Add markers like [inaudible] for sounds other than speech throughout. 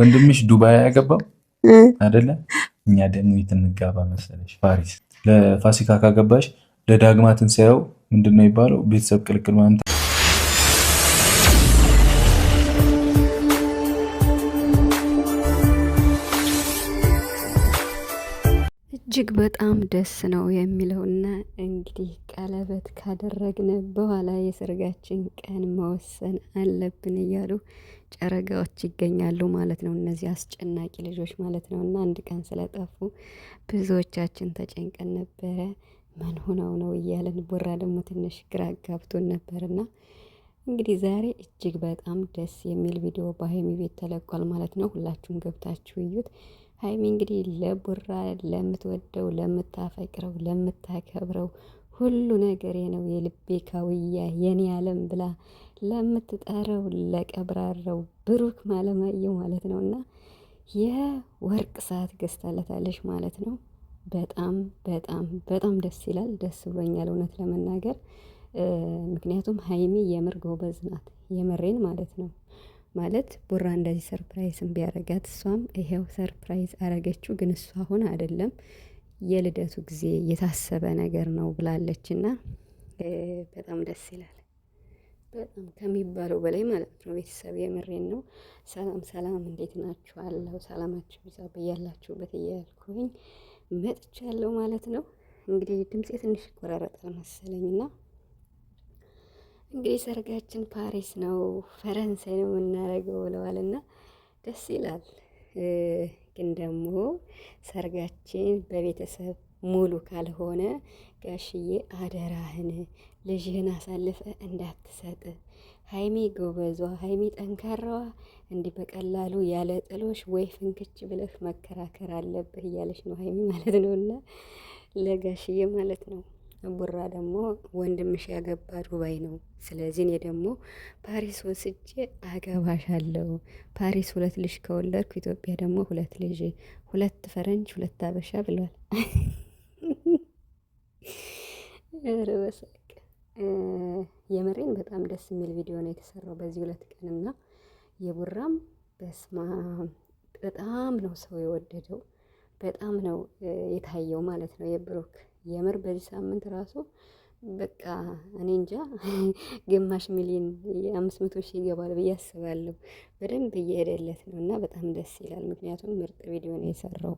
ወንድምሽ ዱባይ አያገባም አደለ? እኛ ደግሞ የት እንጋባ መሰለሽ? ፓሪስ ለፋሲካ ካገባሽ ለዳግማ ትንሣኤው ምንድነው ነው የሚባለው? ቤተሰብ ቅልቅል እጅግ በጣም ደስ ነው የሚለውና እንግዲህ ቀለበት ካደረግን በኋላ የሰርጋችን ቀን መወሰን አለብን እያሉ ጨረጋዎች ይገኛሉ ማለት ነው። እነዚህ አስጨናቂ ልጆች ማለት ነው እና አንድ ቀን ስለጠፉ ብዙዎቻችን ተጨንቀን ነበረ። ምን ሆነው ነው እያለን ቦራ ደግሞ ትንሽ ግራ ጋብቶን ነበርና እንግዲህ ዛሬ እጅግ በጣም ደስ የሚል ቪዲዮ በሀይሚ ቤት ተለቋል ማለት ነው። ሁላችሁም ገብታችሁ እዩት። ሀይሚ እንግዲህ ለቡራ ለምትወደው ለምታፈቅረው ለምታከብረው ሁሉ ነገሬ ነው የልቤ ካውያ የኔ ዓለም ብላ ለምትጠረው ለቀብራረው ብሩክ ማለማየው ማለት ነው እና የወርቅ ሰዓት ገዝታለታለች ማለት ነው። በጣም በጣም በጣም ደስ ይላል። ደስ ብሎኛል እውነት ለመናገር ምክንያቱም ሀይሚ የምር ጎበዝ ናት። የምሬን ማለት ነው። ማለት ቡራ እንደዚህ ሰርፕራይዝ ቢያረጋት እሷም ይሄው ሰርፕራይዝ አረገችው። ግን እሷ አሁን አይደለም የልደቱ ጊዜ የታሰበ ነገር ነው ብላለች። እና በጣም ደስ ይላል። በጣም ከሚባለው በላይ ማለት ነው። ቤተሰብ የምሬን ነው። ሰላም ሰላም፣ እንዴት ናችሁ? አለው ሰላማችሁ ብዛ ብያላችሁበት እያልኩኝ መጥቻለሁ ማለት ነው። እንግዲህ ድምፄ ትንሽ ይቆራረጣል መሰለኝና እንግዲህ ሰርጋችን ፓሪስ ነው ፈረንሳይ ነው የምናደርገው ብለዋል እና ደስ ይላል። ግን ደግሞ ሰርጋችን በቤተሰብ ሙሉ ካልሆነ ጋሽዬ አደራህን ልጅህን አሳልፈ እንዳትሰጥ። ሀይሚ ጎበዟ፣ ሀይሚ ጠንካራዋ እንዲህ በቀላሉ ያለ ጥሎሽ ወይ ፍንክች ብለህ መከራከር አለብህ እያለች ነው ሀይሚ ማለት ነው እና ለጋሽዬ ማለት ነው ቡራ ደግሞ ወንድምሽ ያገባ ዱባይ ነው። ስለዚህ እኔ ደግሞ ፓሪስ ወስጄ አገባሻለሁ። ፓሪስ ሁለት ልጅ ከወለድኩ ኢትዮጵያ ደግሞ ሁለት ልጅ፣ ሁለት ፈረንጅ፣ ሁለት አበሻ ብሏል። ኧረ በሳቅ የምሬን በጣም ደስ የሚል ቪዲዮ ነው የተሰራው በዚህ ሁለት ቀንና የቡራም በስማ በጣም ነው ሰው የወደደው፣ በጣም ነው የታየው ማለት ነው የብሩክ የምር በዚህ ሳምንት ራሱ በቃ እኔ እንጃ [laughs] ግማሽ ሚሊዮን የአምስት መቶ ሺህ ይገባል ብዬ አስባለሁ። በደንብ እየሄደለት ነው እና በጣም ደስ ይላል። ምክንያቱም ምርጥ ቪዲዮ ነው የሰራው።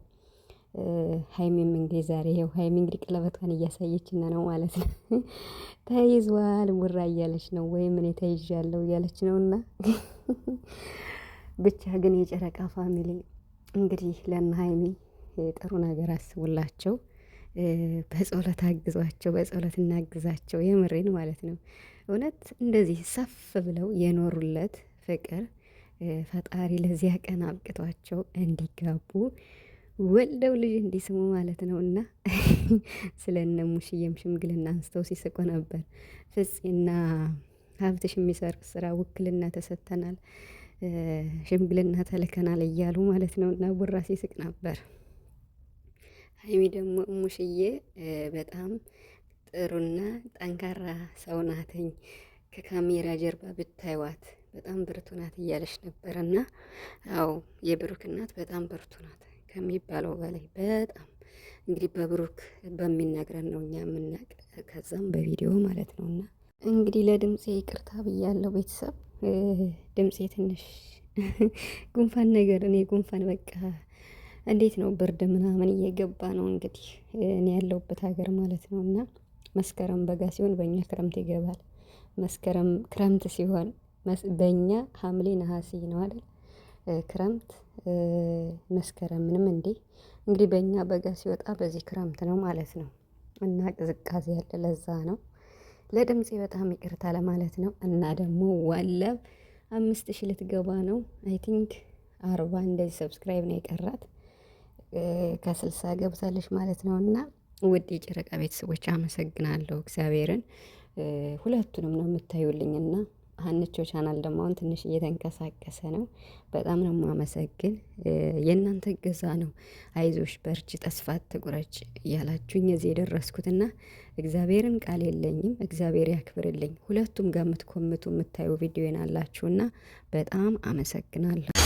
ሀይሚም እንግዲህ ዛሬ ይኸው ሀይሚ እንግዲህ ቀለበቷን እያሳየችን ነው ማለት ነው። [laughs] ተይዟል ውራ እያለች ነው ወይም እኔ ተይዣለሁ እያለች ነው እና [laughs] ብቻ ግን የጨረቃ ፋሚሊ እንግዲህ ለእነ ሀይሚ ጥሩ ነገር አስቡላቸው። በጸሎት አግዟቸው፣ በጸሎት እናግዛቸው። የምሬን ማለት ነው። እውነት እንደዚህ ሰፍ ብለው የኖሩለት ፍቅር ፈጣሪ ለዚያ ቀን አብቅቷቸው እንዲጋቡ ወልደው ልጅ እንዲስሙ ማለት ነው። እና [laughs] ስለ እነ ሙሽዬም ሽምግልና አንስተው ሲስቆ ነበር። ፍጽና ሀብትሽ የሚሰርቅ ስራ ውክልና ተሰጥተናል፣ ሽምግልና ተልከናል እያሉ ማለት ነው። እና ቡራ ሲስቅ ነበር። ሀይሚ ደግሞ እሙሽዬ በጣም ጥሩና ጠንካራ ሰው ናትኝ ከካሜራ ጀርባ ብታይዋት በጣም ብርቱ ናት እያለች ነበር። እና አዎ የብሩክ እናት በጣም ብርቱ ናት ከሚባለው በላይ በጣም እንግዲህ በብሩክ በሚነግረን ነው እኛ የምናቅ ከዛም በቪዲዮ ማለት ነው። እና እንግዲህ ለድምፄ ይቅርታ ብያለው ቤተሰብ። ድምፄ ትንሽ [laughs] ጉንፋን ነገር እኔ ጉንፋን በቃ እንዴት ነው ብርድ ምናምን እየገባ ነው እንግዲህ እኔ ያለሁበት ሀገር ማለት ነው። እና መስከረም በጋ ሲሆን በእኛ ክረምት ይገባል። መስከረም ክረምት ሲሆን በእኛ ሐምሌ ነሐሴ ነው አይደል? ክረምት ምንም እንዲህ እንግዲህ በእኛ በጋ ሲወጣ በዚህ ክረምት ነው ማለት ነው። እና ቅዝቃዜ ያለ ለዛ ነው። ለድምፄ በጣም ይቅርታ ለማለት ነው። እና ደግሞ ዋለብ አምስት ሺ ልትገባ ነው አይ ቲንክ አርባ እንደዚህ ሰብስክራይብ ነው የቀራት። ከስልሳ ገብታለች ማለት ነው። እና ውድ የጨረቃ ቤተሰቦች አመሰግናለሁ እግዚአብሔርን ሁለቱንም ነው የምታዩልኝና ሀንቾ ቻናል ደግሞ አሁን ትንሽ እየተንቀሳቀሰ ነው። በጣም ነው የማመሰግን። የእናንተ ገዛ ነው። አይዞሽ በርች፣ ተስፋት ትቁረጭ እያላችሁኝ እዚህ የደረስኩትና እግዚአብሔርን ቃል የለኝም። እግዚአብሔር ያክብርልኝ። ሁለቱም ጋር የምትኮምቱ የምታዩ ቪዲዮን አላችሁና በጣም አመሰግናለሁ።